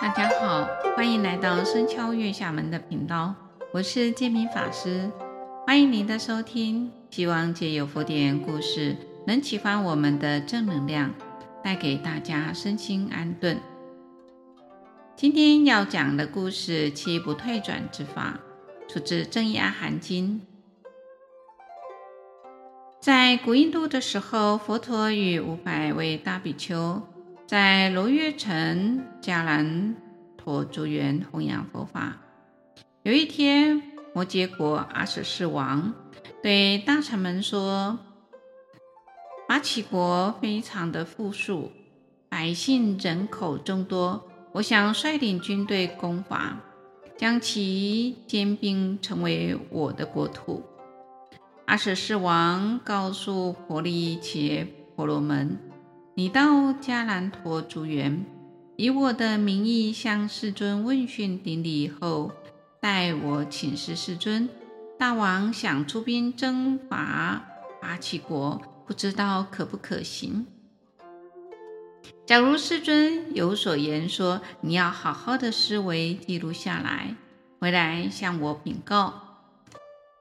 大家好，歡迎來到僧敲月下門的頻道，我是建明法師，歡迎您的收聽。希望借由佛典故事，能啟發我們的正能量，帶給大家身心安頓。今天要講的故事，七不退轉之法，出自《增壹阿含經》。在古印度的時候，佛陀與五百位大比丘。在羅閱城迦蘭陀竹園弘揚佛法。有一天，摩竭國阿闍世王對大臣們說：“拔祇國非常的富庶，百姓人口眾多，我想率領軍隊攻伐，將其兼併成為我的國土。”阿闍世王告訴婆利迦婆羅門。你到迦蘭陀竹園，以我的名義向世尊問訊頂禮後，代我請示世尊：大王想出兵征伐拔祇國，不知道可不可行？假如世尊有所言說，你要好好的思維記錄下來，回來向我稟告。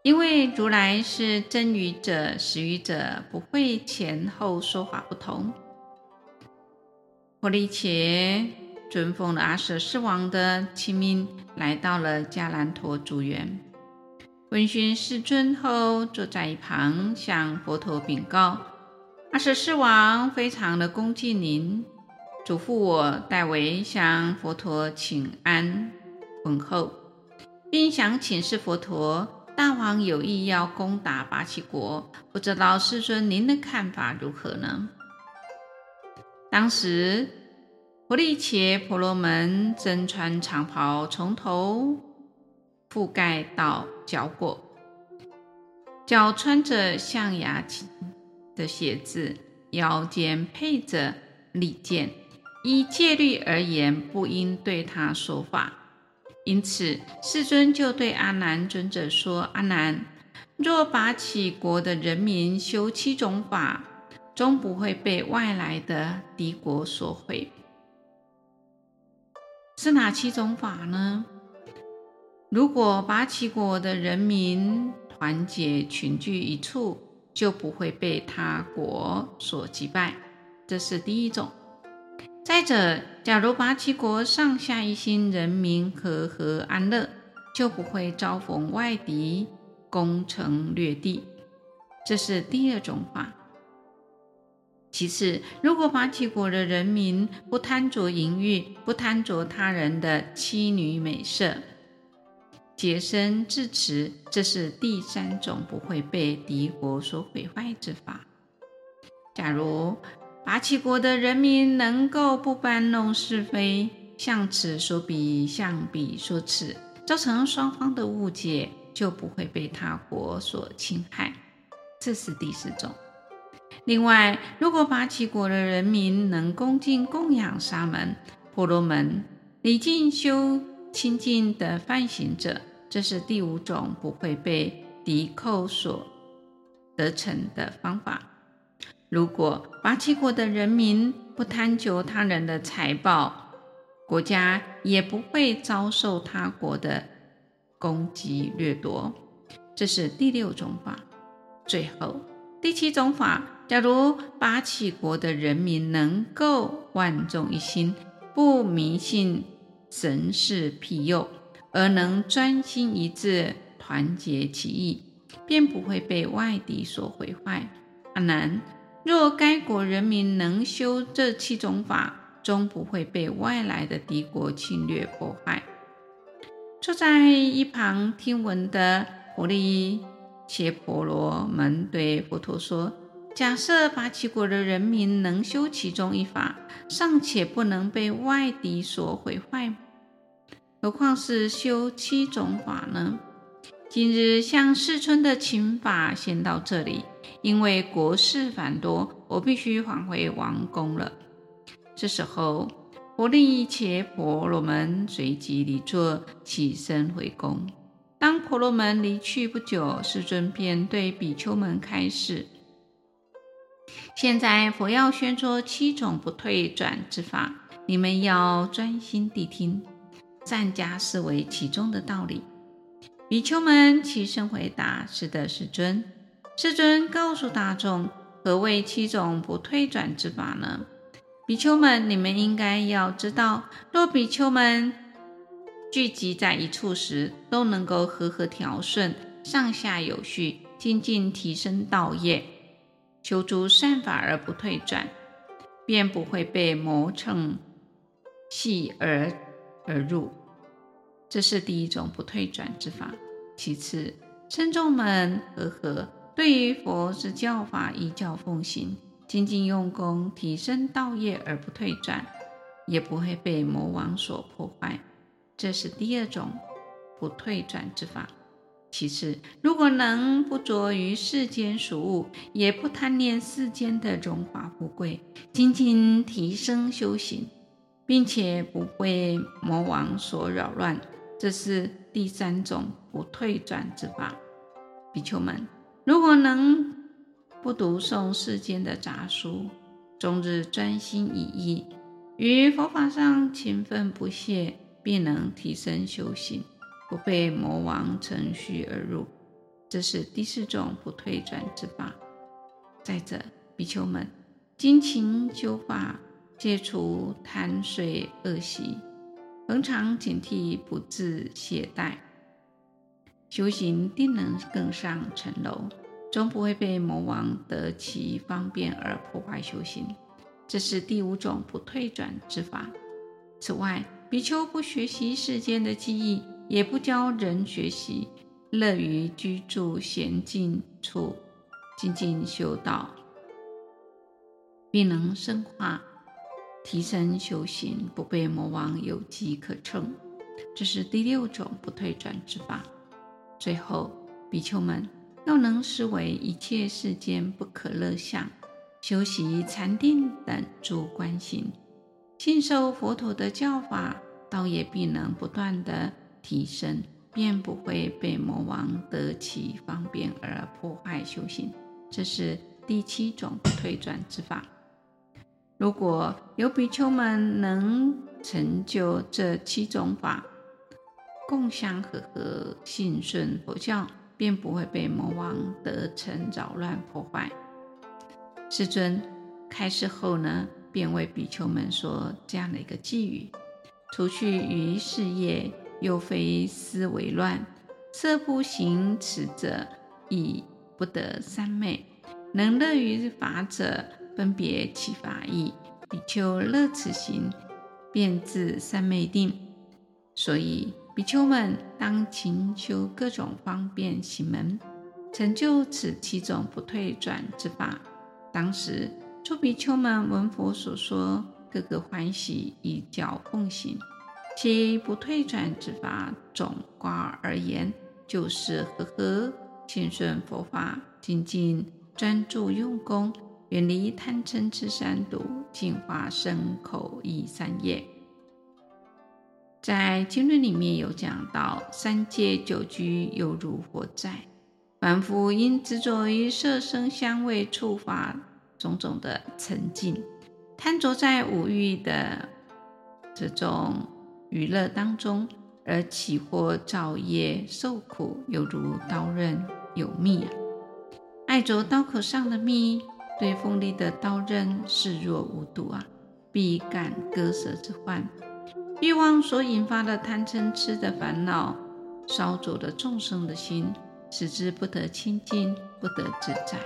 因為如來是真語者、實語者，不會前後說法不同。婆利迦遵奉了阿闍世王的欽命，來到了迦蘭陀竹園。問訊世尊後，坐在一旁向佛陀稟告：阿闍世王非常的恭敬您，囑咐我代為向佛陀請安問候，並想請示佛陀：大王有意要攻打拔祇國，不知道世尊您的看法如何呢？當時，婆利迦婆羅門身穿長袍，從頭覆蓋到腳踝，腳穿着象牙的鞋子，腰間配着利劍。依戒律而言，不應對他說話。因此，世尊就對阿難尊者說：“阿難，若拔祇國的人民修七種法。”終不會被外來的敵國所毀。是哪七種法呢？如果拔祇國的人民團結群聚一處，就不會被他國所擊敗，這是第一種。再者，假如拔祇國上下一心，人民和合安樂，就不會遭逢外敵攻城掠地，這是第二種法。其次，如果拔祇國的人民不貪着淫欲，不貪着他人的妻女美色，潔身自持，這是第三種不會被敵國所毀壞之法。假如拔祇國的人民能夠不搬弄是非，向此說彼，向彼說此，造成雙方的誤解，就不會被他國所侵害，這是第四種。另外，如果拔祇國的人民能恭敬供養沙門、婆羅門、禮敬修清淨的梵行者，這是第五種不會被敵寇所得逞的方法。如果拔祇國的人民不貪求他人的財寶，國家也不會遭受他國的攻擊掠奪。這是第六種法。最後，第七種法。假如拔祇國的人民能夠萬眾一心，不迷信神寺庇佑，而能專心一志、團結其意，便不會被外敵所毀壞。阿、啊、難，若該國人民能修這七種法，終不會被外來的敵國侵略破壞。坐在一旁聽聞的婆利迦婆羅門對佛陀說假設拔祇國的人民能修其中一法，尚且不能被外敵所毀壞，何況是修七種法呢？今日，向世尊的請法先到這裡，因為國事繁多，我必須返回王宮了。這時候，婆利迦婆羅門隨即離座，起身回宮。當婆羅門離去不久，世尊便對比丘們開示。現在佛要宣說七種不退轉之法，你們要專心諦聽，善加思維其中的道理。比丘們齊聲回答：“是的，世尊。”世尊告訴大眾：“何謂七種不退轉之法呢？”比丘們，你們應該要知道，若比丘們聚集在一處時，都能夠和合調順，上下有序，精進提升道業。求諸善法而不退轉，便不會被魔乘隙而而入。這是第一種不退轉之法。其次，僧眾們和合，對於佛之教法依教奉行，精進用功，提升道業而不退轉，也不會被魔王所破壞。這是第二種不退轉之法。其次，如果能不着於世間俗務，也不貪戀世間的榮華富貴，精進提升修行，並且不被魔王所擾亂，這是第三種不退轉之法。比丘們，如果能不讀誦世間的雜書，終日專心一意，於佛法上勤奮不懈，便能提升修行。不被魔王乘虛而入，這是第四種不退轉之法。再者，比丘們精勤修法，戒除貪睡惡習，恆常警惕，不自懈怠，修行定能更上層樓，終不會被魔王得其方便而破壞修行。這是第五種不退轉之法。此外，比丘不學習世間的技藝。也不教人學習，樂於居住閑靜處，精進修道，必能深化、提升修行，不被魔王有機可乘。這是第六種不退轉之法。最後，比丘們要能思惟一切世間不可樂想，修習禪定等諸觀行，信受佛陀的教法，道業必能不斷地。提升便不會被魔王得其方便而破壞修行，這是第七種退轉之法。如果有比丘們能成就這七種法，共相和合，信順佛教，便不會被魔王得逞擾亂破壞。世尊開示後呢，便為比丘們說這樣的一個偈語：除去於事業。又非思惟亂，設不行此者，亦不得三昧。能樂於法者，分別其法義，比丘樂此行，便致三昧定。所以比丘們，當勤修各種方便行門，成就此七種不退轉之法。當時諸比丘們聞佛所說，各個歡喜，依教奉行。七不退轉之法，總括而言，就是和合，信順佛法，精進專注用功，遠離貪嗔痴三毒，淨化身口意三業。在經論裡面有講到，三界久居，猶如火宅，凡夫因執着於色聲香味觸法種種的塵境，貪着在五欲的這種，娛樂當中，而起惑造業受苦，猶如刀刃有蜜啊！愛着刀口上的蜜，對鋒利的刀刃視若無睹啊，必感割舌之患。欲望所引發的貪嗔癡的煩惱，燒灼了眾生的心，使之不得清淨，不得自在。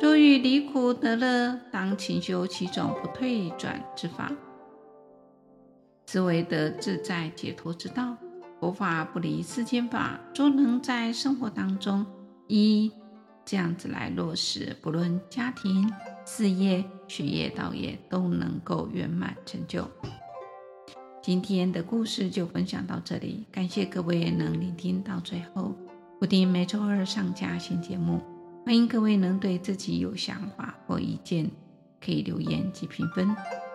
若欲離苦得樂，當勤修七種不退轉之法。思維的自在解脫之道，佛法不離世間法，終能在生活當中一這樣子來落實，不論家庭、事業、學業、道業，都能夠圓滿成就。今天的故事就分享到這裡，感謝各位能聆聽到最後。布丁每周二上架新節目，歡迎各位能對自己有想法或意見，可以留言及評分。